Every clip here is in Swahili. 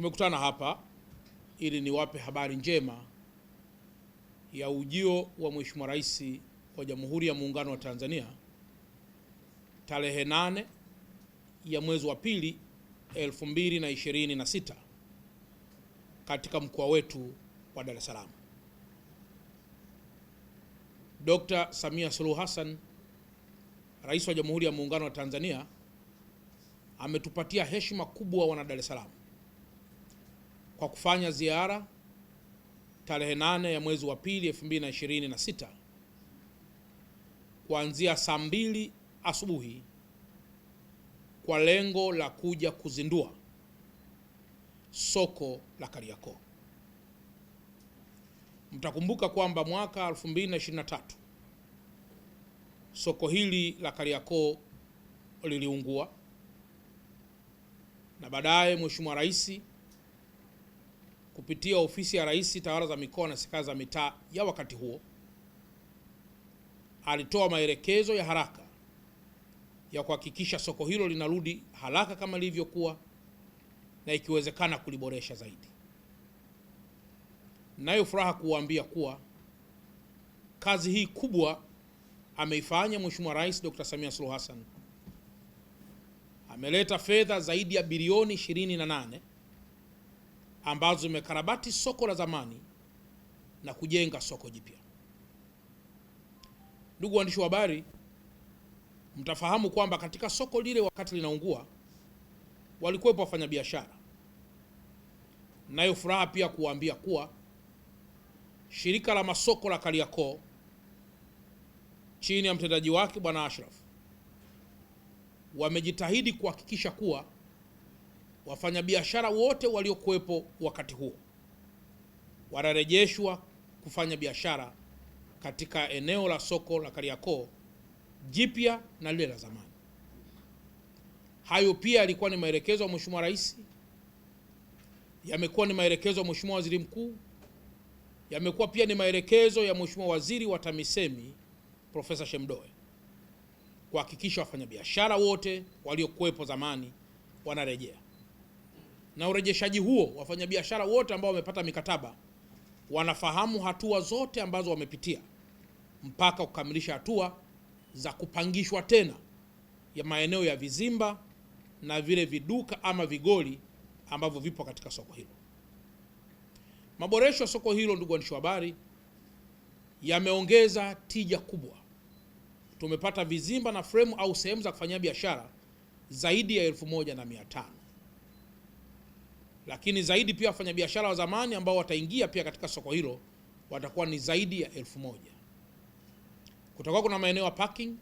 Tumekutana hapa ili niwape habari njema ya ujio wa Mheshimiwa Rais wa Jamhuri ya Muungano wa Tanzania tarehe nane ya mwezi wa pili 2026 katika mkoa wetu wa Dar es Salaam. Dr. Samia Suluhu Hassan, Rais wa Jamhuri ya Muungano wa Tanzania, ametupatia heshima kubwa wana Dar es Salaam kwa kufanya ziara tarehe 8 ya mwezi wa pili 2026 kuanzia saa mbili asubuhi kwa lengo la kuja kuzindua soko la Kariakoo. Mtakumbuka kwamba mwaka 2023 soko hili la Kariakoo liliungua na baadaye Mheshimiwa Rais kupitia ofisi ya Rais Tawala za Mikoa na Serikali za Mitaa ya wakati huo, alitoa maelekezo ya haraka ya kuhakikisha soko hilo linarudi haraka kama lilivyokuwa na ikiwezekana kuliboresha zaidi. Nayo furaha kuwaambia kuwa kazi hii kubwa ameifanya Mheshimiwa Rais Dr. Samia Suluhu Hassan. Ameleta fedha zaidi ya bilioni 28 ambazo zimekarabati soko la zamani na kujenga soko jipya. Ndugu waandishi wa habari, mtafahamu kwamba katika soko lile wakati linaungua walikuwepo wafanyabiashara. Nayo furaha pia kuwaambia kuwa shirika la masoko la Kariakoo chini ya mtendaji wake Bwana Ashraf wamejitahidi kuhakikisha kuwa wafanyabiashara wote waliokuwepo wakati huo wanarejeshwa kufanya biashara katika eneo la soko la Kariakoo jipya na lile la zamani. Hayo pia yalikuwa ni maelekezo ya Mheshimiwa Rais, yamekuwa ni maelekezo ya Mheshimiwa Waziri Mkuu, yamekuwa pia ni maelekezo ya Mheshimiwa Waziri wa TAMISEMI Profesa Shemdoe kuhakikisha wafanyabiashara wote waliokuwepo zamani wanarejea na urejeshaji huo, wafanyabiashara wote ambao wamepata mikataba wanafahamu hatua zote ambazo wamepitia mpaka kukamilisha hatua za kupangishwa tena ya maeneo ya vizimba na vile viduka ama vigoli ambavyo vipo katika soko hilo. Maboresho ya soko hilo, ndugu waandishi wa habari, yameongeza tija kubwa. Tumepata vizimba na fremu au sehemu za kufanyia biashara zaidi ya elfu moja na mia tano lakini zaidi pia wafanyabiashara wa zamani ambao wataingia pia katika soko hilo watakuwa ni zaidi ya elfu moja. Kutakuwa kuna maeneo ya parking,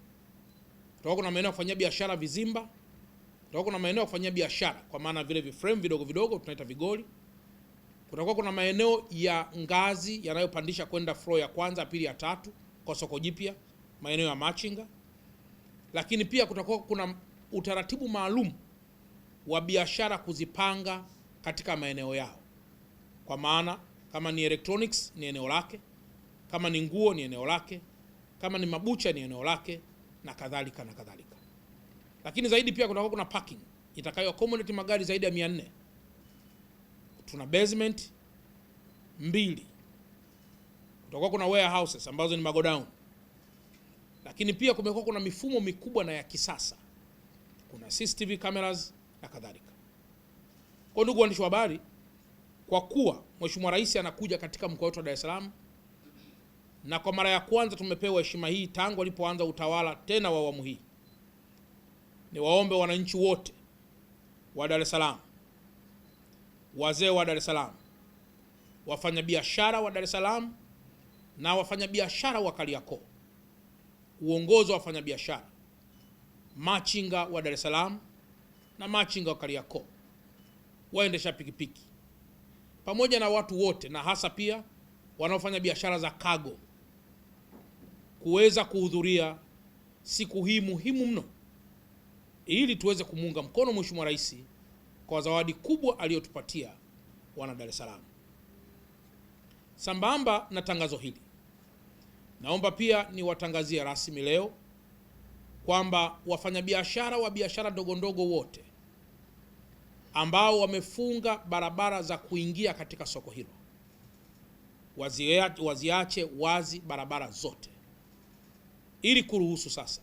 kutakuwa kuna maeneo ya kufanyia biashara vizimba, kutakuwa kuna maeneo ya kufanyia biashara kwa maana vile viframe vidogo vidogo tunaita vigoli. Kutakuwa kuna maeneo ya ngazi yanayopandisha kwenda floor ya kwanza, pili, ya tatu kwa soko jipya, maeneo ya machinga. Lakini pia kutakuwa kuna utaratibu maalum wa biashara kuzipanga katika maeneo yao, kwa maana kama ni electronics ni eneo lake, kama ni nguo ni eneo lake, kama ni mabucha ni eneo lake na kadhalika na kadhalika. Lakini zaidi pia kunakuwa kuna parking itakayo accommodate magari zaidi ya 400. Tuna basement mbili, kutakuwa kuna warehouses ambazo ni magodown, lakini pia kumekuwa kuna mifumo mikubwa na ya kisasa, kuna CCTV cameras na kadhalika. Kwa ndugu waandishi wa habari, kwa kuwa Mheshimiwa Rais anakuja katika mkoa wetu wa Dar es Salaam na kwa mara ya kwanza tumepewa heshima hii tangu alipoanza utawala tena wa awamu hii, ni waombe wananchi wote wa Dar es Salaam, wazee wa Dar es Salaam, wafanyabiashara wa Dar es Salaam na wafanyabiashara wa Kariakoo, uongozi wa wafanyabiashara, machinga wa Dar es Salaam na machinga wa Kariakoo waendesha pikipiki pamoja na watu wote na hasa pia wanaofanya biashara za kago kuweza kuhudhuria siku hii muhimu mno ili tuweze kumuunga mkono Mheshimiwa Rais kwa zawadi kubwa aliyotupatia wana Dar es Salaam. Sambamba na tangazo hili, naomba pia niwatangazie rasmi leo kwamba wafanyabiashara wa biashara ndogo ndogo wote ambao wamefunga barabara za kuingia katika soko hilo waziache wazi barabara zote ili kuruhusu sasa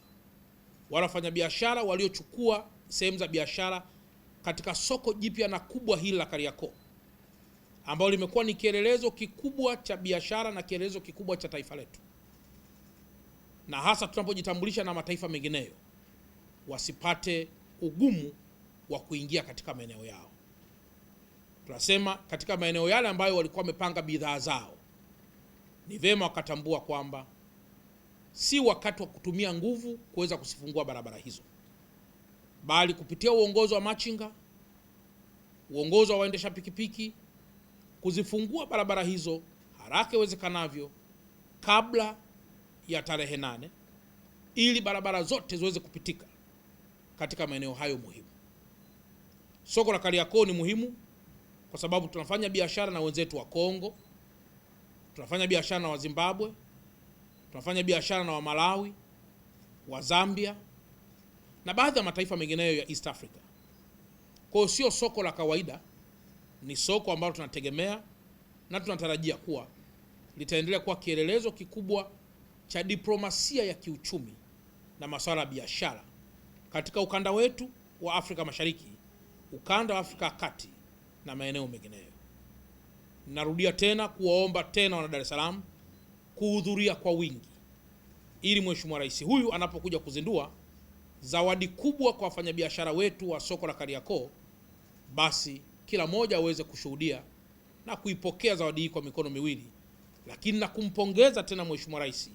wale wafanyabiashara waliochukua sehemu za biashara katika soko jipya na kubwa hili la Kariakoo ambalo limekuwa ni kielelezo kikubwa cha biashara na kielelezo kikubwa cha taifa letu, na hasa tunapojitambulisha na mataifa mengineyo, wasipate ugumu wa kuingia katika maeneo yao. Tunasema katika maeneo yale ambayo walikuwa wamepanga bidhaa zao, ni vema wakatambua kwamba si wakati wa kutumia nguvu kuweza kuzifungua barabara hizo, bali kupitia uongozi wa machinga, uongozi wa waendesha pikipiki, kuzifungua barabara hizo haraka iwezekanavyo kabla ya tarehe nane ili barabara zote ziweze kupitika katika maeneo hayo muhimu. Soko la Kariakoo ni muhimu kwa sababu tunafanya biashara na wenzetu wa Kongo, tunafanya biashara na Wazimbabwe, tunafanya biashara na Wamalawi, wa Zambia na baadhi ya mataifa mengineyo ya East Africa. Kwa hiyo sio soko la kawaida, ni soko ambalo tunategemea na tunatarajia kuwa litaendelea kuwa kielelezo kikubwa cha diplomasia ya kiuchumi na masuala ya biashara katika ukanda wetu wa Afrika Mashariki ukanda wa Afrika Kati na maeneo mengineyo. Narudia tena kuwaomba tena wana Dar es Salaam kuhudhuria kwa wingi ili Mheshimiwa Rais huyu anapokuja kuzindua zawadi kubwa kwa wafanyabiashara wetu wa soko la Kariakoo, basi kila mmoja aweze kushuhudia na kuipokea zawadi hii kwa mikono miwili, lakini na kumpongeza tena Mheshimiwa Rais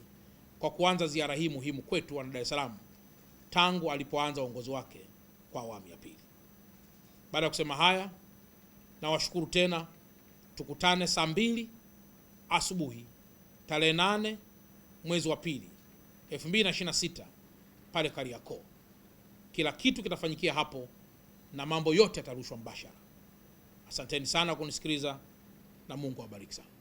kwa kuanza ziara hii muhimu kwetu wana Dar es Salaam tangu alipoanza uongozi wake kwa awamu ya pili. Baada ya kusema haya, nawashukuru tena, tukutane saa mbili asubuhi tarehe nane mwezi wa pili 2026 pale Kariakoo. Kila kitu kitafanyikia hapo na mambo yote yatarushwa mbashara. Asanteni sana kunisikiliza na Mungu awabariki sana.